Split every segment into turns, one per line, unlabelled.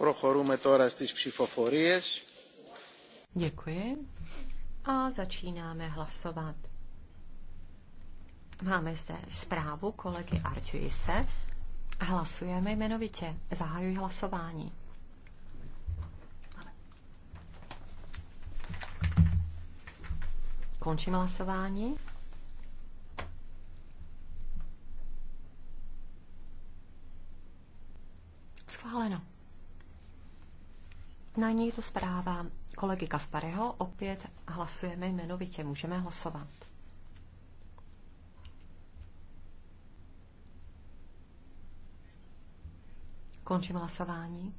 Prochorujeme
Děkuji. A začínáme hlasovat. Máme zde zprávu kolegy Artuise. Hlasujeme jmenovitě. Zahajuji hlasování. Končím hlasování. Na ní to zpráva kolegy Kaspareho. Opět hlasujeme jmenovitě. Můžeme hlasovat. Končím hlasování.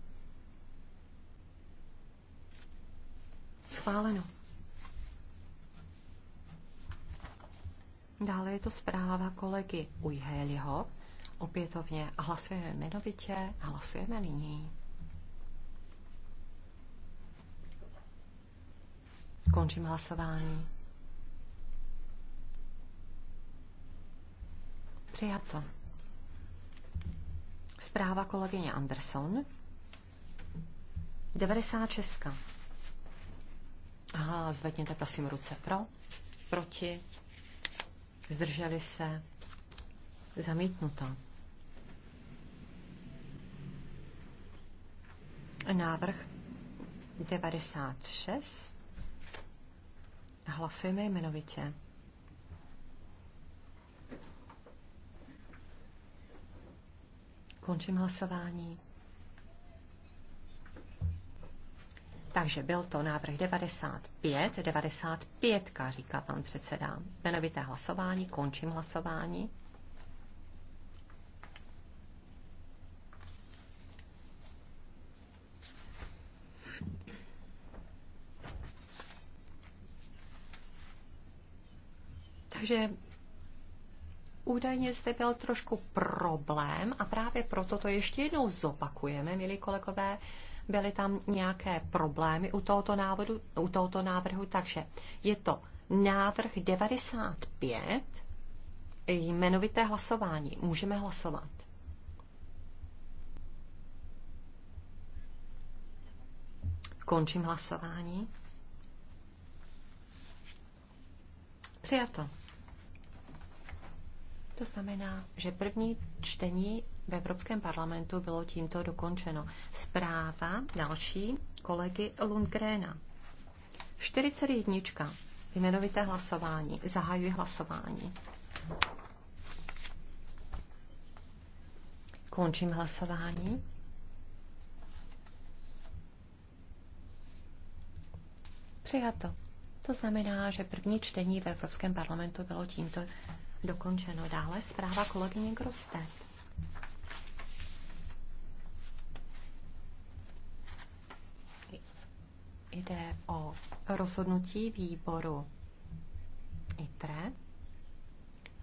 Schváleno. Dále je to zpráva kolegy Ujhéliho. Opětovně hlasujeme jmenovitě, hlasujeme nyní. Končím hlasování. Přijato. Zpráva kolegyně Anderson. 96. Aha, zvedněte prosím ruce pro, proti, zdrželi se, zamítnuto. Návrh 96. Hlasujeme jmenovitě. Končím hlasování. Takže byl to návrh 95, 95, říká pan předseda. Jmenovité hlasování, končím hlasování. že údajně zde byl trošku problém a právě proto to ještě jednou zopakujeme, milí kolegové, byly tam nějaké problémy u tohoto, návodu, u tohoto návrhu, takže je to návrh 95, jmenovité hlasování. Můžeme hlasovat. Končím hlasování. Přijato. To znamená, že první čtení v Evropském parlamentu bylo tímto dokončeno. Zpráva další kolegy Lundgrena. 41. Jmenovité hlasování. Zahajuji hlasování. Končím hlasování. Přijato. To znamená, že první čtení v Evropském parlamentu bylo tímto dokončeno. Dále zpráva kolegyně Groste. Jde o rozhodnutí výboru ITRE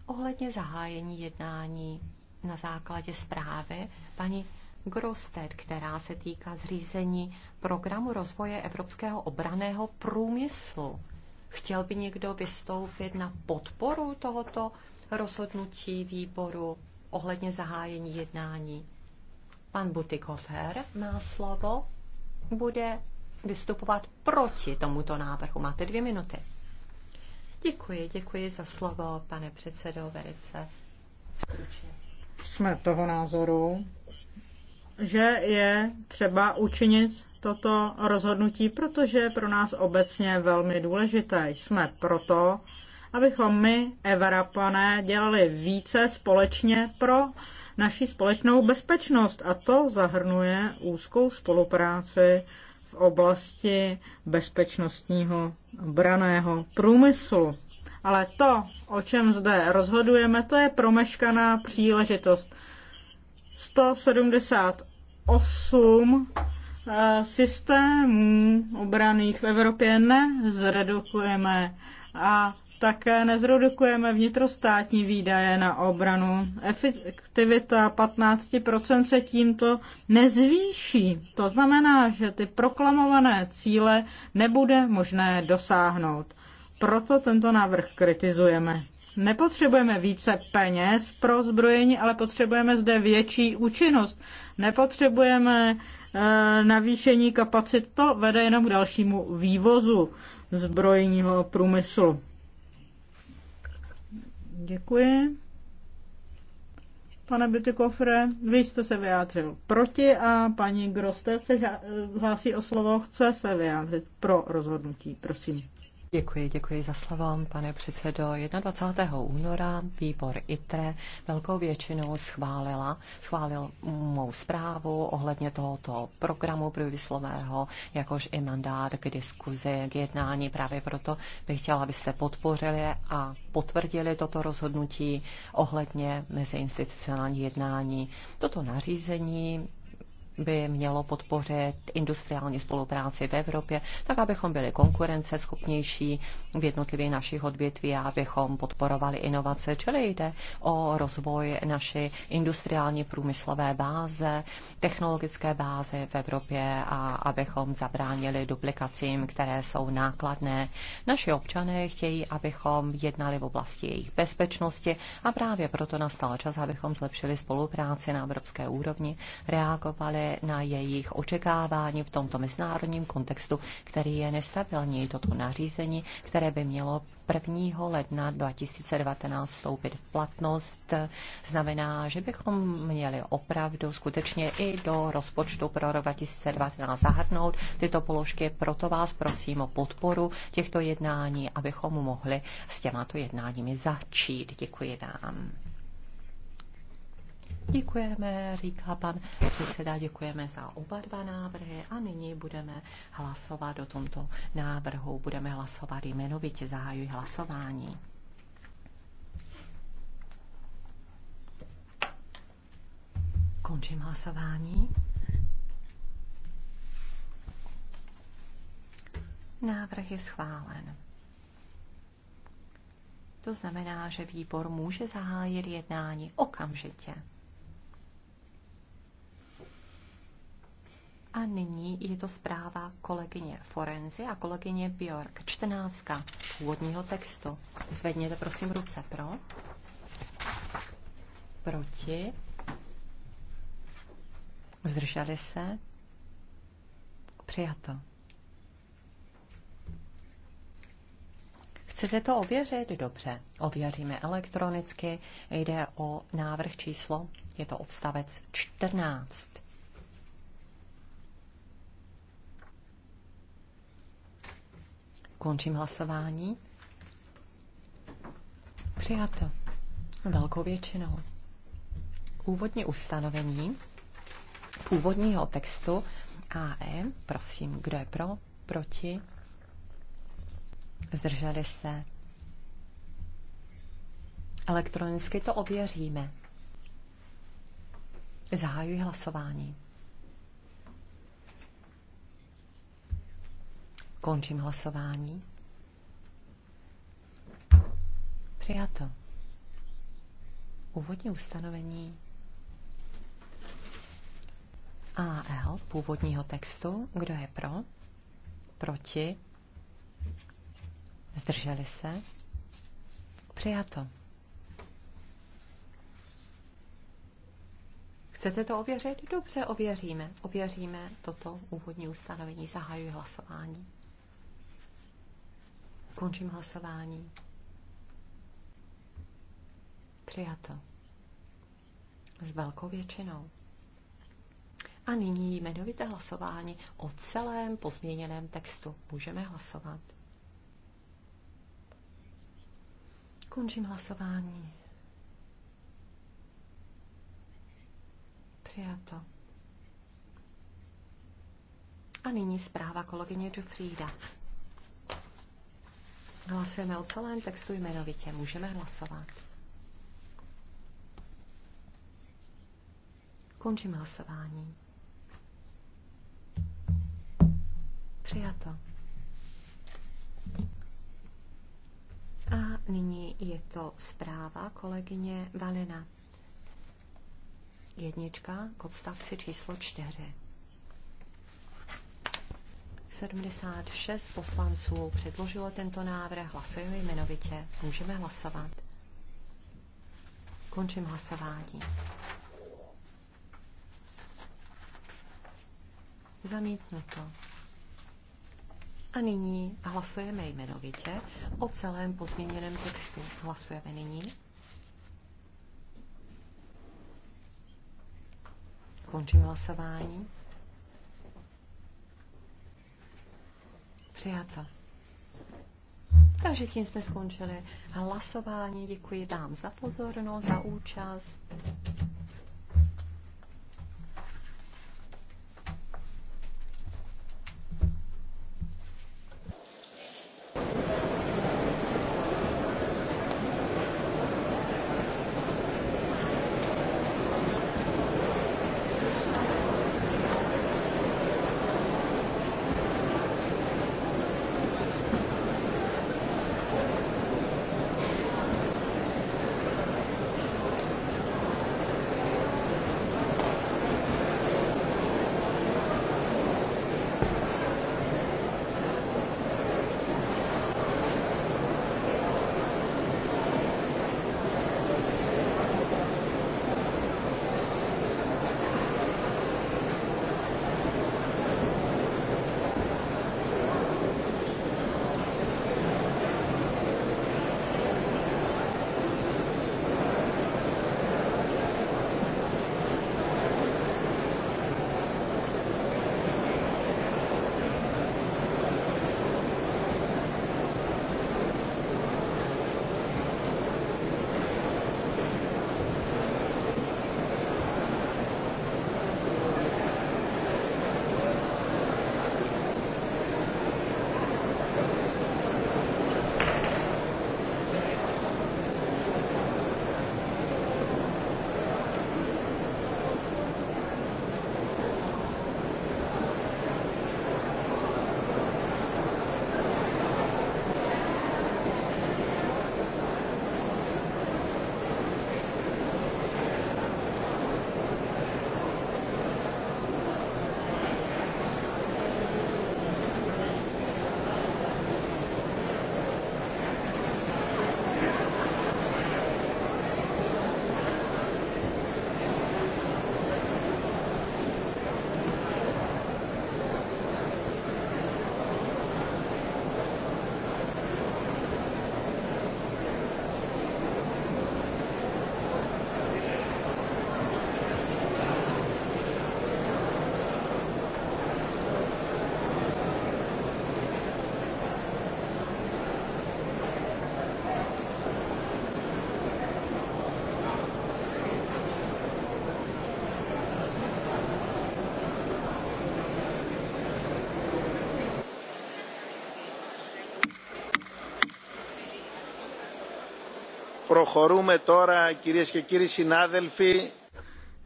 ohledně zahájení jednání na základě zprávy paní Grosted, která se týká zřízení programu rozvoje evropského obraného průmyslu. Chtěl by někdo vystoupit na podporu tohoto rozhodnutí výboru ohledně zahájení jednání? Pan Butikhofer má slovo. Bude vystupovat proti tomuto návrhu. Máte dvě minuty. Děkuji, děkuji za slovo, pane předsedo, velice stručně. Jsme toho názoru,
že je třeba učinit toto rozhodnutí, protože je pro nás obecně velmi důležité. Jsme proto, abychom my, Evropané, dělali více společně pro naši společnou bezpečnost. A to zahrnuje úzkou spolupráci v oblasti bezpečnostního braného průmyslu. Ale to, o čem zde rozhodujeme, to je promeškaná příležitost. 178 systémů obraných v Evropě nezredukujeme a také nezredukujeme vnitrostátní výdaje na obranu. Efektivita 15% se tímto nezvýší. To znamená, že ty proklamované cíle nebude možné dosáhnout. Proto tento návrh kritizujeme. Nepotřebujeme více peněz pro zbrojení, ale potřebujeme zde větší účinnost. Nepotřebujeme Eh, navýšení kapacit, to vede jenom k dalšímu vývozu zbrojního průmyslu. Děkuji. Pane Bytykofre, vy jste se vyjádřil proti a paní Grostet se hlásí o slovo, chce se vyjádřit pro rozhodnutí. Prosím. Děkuji, děkuji za slovo, pane předsedo.
21. února výbor ITRE velkou většinou schválila, schválil mou zprávu ohledně tohoto programu průmyslového, jakož i mandát k diskuzi, k jednání. Právě proto bych chtěla, abyste podpořili a potvrdili toto rozhodnutí ohledně meziinstitucionální jednání. Toto nařízení by mělo podpořit industriální spolupráci v Evropě, tak abychom byli konkurenceschopnější v jednotlivých našich odvětví a abychom podporovali inovace, čili jde o rozvoj naší industriální průmyslové báze, technologické báze v Evropě a abychom zabránili duplikacím, které jsou nákladné. Naši občané chtějí, abychom jednali v oblasti jejich bezpečnosti a právě proto nastal čas, abychom zlepšili spolupráci na evropské úrovni, reagovali na jejich očekávání v tomto mezinárodním kontextu, který je nestabilní. Toto nařízení, které by mělo 1. ledna 2019 vstoupit v platnost, znamená, že bychom měli opravdu skutečně i do rozpočtu pro rok 2019 zahrnout tyto položky. Proto vás prosím o podporu těchto jednání, abychom mohli s těmato jednáními začít. Děkuji vám. Děkujeme, říká pan předseda, děkujeme za oba dva návrhy a nyní budeme hlasovat o tomto návrhu. Budeme hlasovat jmenovitě, zahajuji hlasování. Končím hlasování. Návrh je schválen. To znamená, že výbor může zahájit jednání okamžitě. A nyní je to zpráva kolegyně Forenzy a kolegyně Bjork. Čtenáctka původního textu. Zvedněte prosím ruce pro. Proti. Zdrželi se. Přijato. Chcete to ověřit? Dobře, ověříme elektronicky. Jde o návrh číslo, je to odstavec 14. Končím hlasování. Přijato. Velkou většinou. Úvodní ustanovení původního textu AE. Prosím, kdo je pro, proti? Zdrželi se? Elektronicky to ověříme. Zahajuji hlasování. Končím hlasování. Přijato. Úvodní ustanovení AL původního textu. Kdo je pro? Proti? Zdrželi se? Přijato. Chcete to ověřit? Dobře, ověříme. Ověříme toto úvodní ustanovení. Zahajuji hlasování. Končím hlasování. Přijato. S velkou většinou. A nyní jmenovité hlasování o celém pozměněném textu. Můžeme hlasovat. Končím hlasování. Přijato. A nyní zpráva kolegyně Dufrída. Hlasujeme o celém textu jmenovitě. Můžeme hlasovat. Končím hlasování. Přijato. A nyní je to zpráva kolegyně Valina. Jednička k odstavci číslo čtyři. 76 poslanců předložilo tento návrh, hlasujeme jmenovitě, můžeme hlasovat. Končím hlasování. Zamítnuto. A nyní hlasujeme jmenovitě o celém pozměněném textu. Hlasujeme nyní. Končím hlasování. Přijato. Takže tím jsme skončili hlasování. Děkuji vám za pozornost, za účast.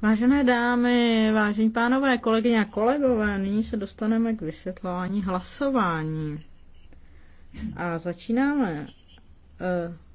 Vážené dámy, vážení pánové, kolegyně a kolegové, nyní se dostaneme k vysvětlování hlasování. A začínáme eh,